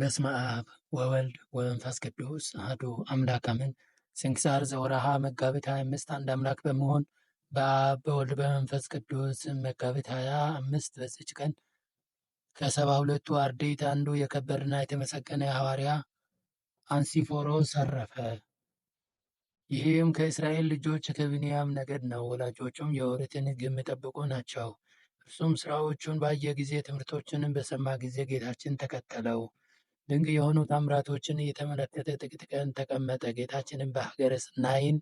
በስመ አብ ወወልድ ወመንፈስ ቅዱስ አሐዱ አምላክ አሜን። ስንክሳር ዘወርኀ መጋቢት 25 አንድ አምላክ በመሆን በአብ በወልድ በመንፈስ ቅዱስ መጋቢት 25 በዚች ቀን ከሰባ ሁለቱ አርድእት አንዱ የከበረና የተመሰገነ ሐዋርያ አንሲፎሮስ አረፈ። ይህም ከእስራኤል ልጆች ከብንያም ነገድ ነው። ወላጆቹም የኦሪትን ሕግ የሚጠብቁ ናቸው። እርሱም ሥራዎቹን ባየ ጊዜ ትምህርቶችንም በሰማ ጊዜ ጌታችን ተከተለው። ድንቅ የሆኑ ታምራቶችን እየተመለከተ ጥቂት ቀን ተቀመጠ። ጌታችንም በሀገረ ናይን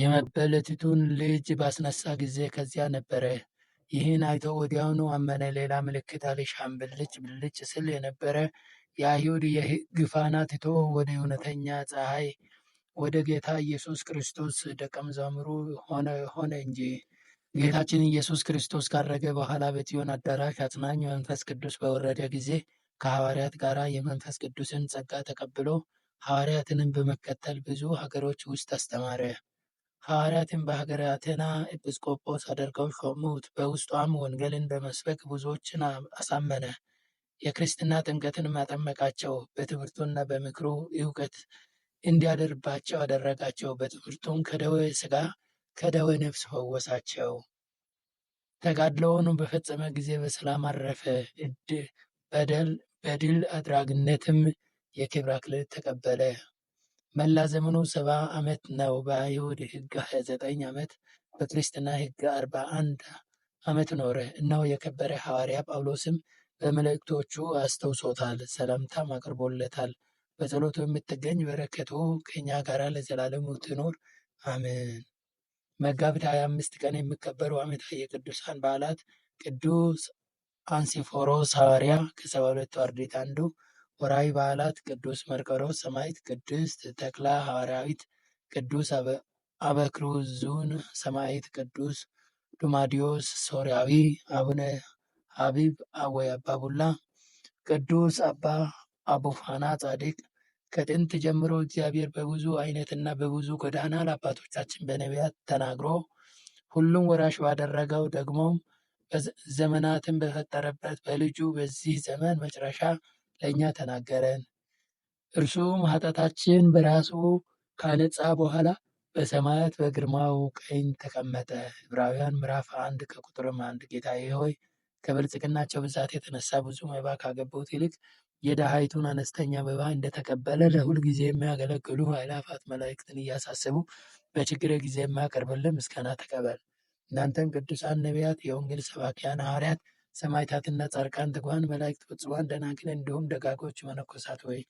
የመበለቲቱን ልጅ ባስነሳ ጊዜ ከዚያ ነበረ። ይህን አይቶ ወዲያውኑ አመነ። ሌላ ምልክት አልሻም። ብልጭ ብልጭ ስል የነበረ የአይሁድ የሕግ ፋና ትቶ ወደ እውነተኛ ፀሐይ ወደ ጌታ ኢየሱስ ክርስቶስ ደቀ መዛሙሩ ሆነ እንጂ። ጌታችን ኢየሱስ ክርስቶስ ካረገ በኋላ በጽዮን አዳራሽ አጽናኝ መንፈስ ቅዱስ በወረደ ጊዜ ከሐዋርያት ጋር የመንፈስ ቅዱስን ጸጋ ተቀብሎ ሐዋርያትንም በመከተል ብዙ ሀገሮች ውስጥ አስተማረ። ሐዋርያትን በሀገረ አቴና ኤጲስቆጶስ አድርገው ሾሙት። በውስጧም ወንጌልን በመስበክ ብዙዎችን አሳመነ። የክርስትና ጥምቀትን ማጠመቃቸው፣ በትምህርቱና በምክሩ እውቀት እንዲያደርባቸው አደረጋቸው። በትምህርቱም ከደዌ ሥጋ ከደዌ ነፍስ ፈወሳቸው። ተጋድሎውን በፈጸመ ጊዜ በሰላም አረፈ። እድ በደል በድል አድራጊነትም የክብር አክሊል ተቀበለ። መላ ዘመኑ ሰባ ዓመት ነው። በአይሁድ ሕግ 29 ዓመት፣ በክርስትና ሕግ 41 ዓመት ኖረ። እነሆ የከበረ ሐዋርያ ጳውሎስም በመልእክቶቹ አስተውሶታል፣ ሰላምታም አቅርቦለታል። በጸሎቱ የምትገኝ በረከቱ ከኛ ጋር ለዘላለሙ ትኖር አሜን። መጋቢት 25 ቀን የሚከበሩ ዓመታዊ የቅዱሳን በዓላት ቅዱስ አንሲፎሮስ ሐዋርያ ከሰባ ሁለቱ አርድእት አንዱ። ወራዊ በዓላት፦ ቅዱስ መርቆሬዎስ ሰማዕት፣ ቅድስት ተክላ ሐዋርያዊት፣ ቅዱስ አበክሩዙን ሰማዕት፣ ቅዱስ ዱማዲዮስ ሶርያዊ፣ አቡነ ሐቢብ ወይ አባ ቡላ፣ ቅዱስ አባ አቡፋና ጻድቅ። ከጥንት ጀምሮ እግዚአብሔር በብዙ አይነትና በብዙ ጎዳና ለአባቶቻችን በነቢያት ተናግሮ ሁሉም ወራሽ ባደረገው ደግሞ ዘመናትን በፈጠረበት በልጁ በዚህ ዘመን መጨረሻ ለእኛ ተናገረን። እርሱም ኃጢአታችን በራሱ ካነጻ በኋላ በሰማያት በግርማው ቀኝ ተቀመጠ። ዕብራውያን ምዕራፍ አንድ ከቁጥርም አንድ ጌታዬ ሆይ ከብልጽግናቸው ብዛት የተነሳ ብዙ መባ ካገቡት ይልቅ የድሃይቱን አነስተኛ መባ እንደተቀበለ ለሁል ጊዜ የሚያገለግሉ ኃይላፋት መላእክትን እያሳስቡ በችግር ጊዜ የማያቀርብልን ምስጋና ተቀበል። እናንተን ቅዱሳን ነቢያት፣ የወንጌል ሰባኪያን ሐዋርያት፣ ሰማዕታትና ጻድቃን፣ ትጉሃን መላእክት፣ ፍጹማን ደናግል፣ እንዲሁም ደጋጎች መነኮሳት ወይ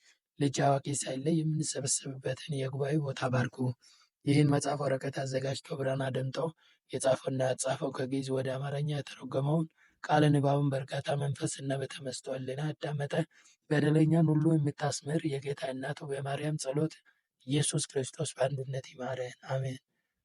ልጅ አዋቂ ሳይለይ የምንሰበሰብበትን የጉባኤ ቦታ ባርኩ። ይህን መጽሐፍ ወረቀት አዘጋጅቶ ብራና ደምጠው የጻፈውና ያጻፈው ከግዕዝ ወደ አማርኛ የተረጎመውን ቃለ ንባቡን በእርጋታ መንፈስ እና በተመስጦ ልቦና አዳመጠ። በደለኛን ሁሉ የምታስምር የጌታ እናቱ በማርያም ጸሎት ኢየሱስ ክርስቶስ በአንድነት ይማረን፣ አሜን።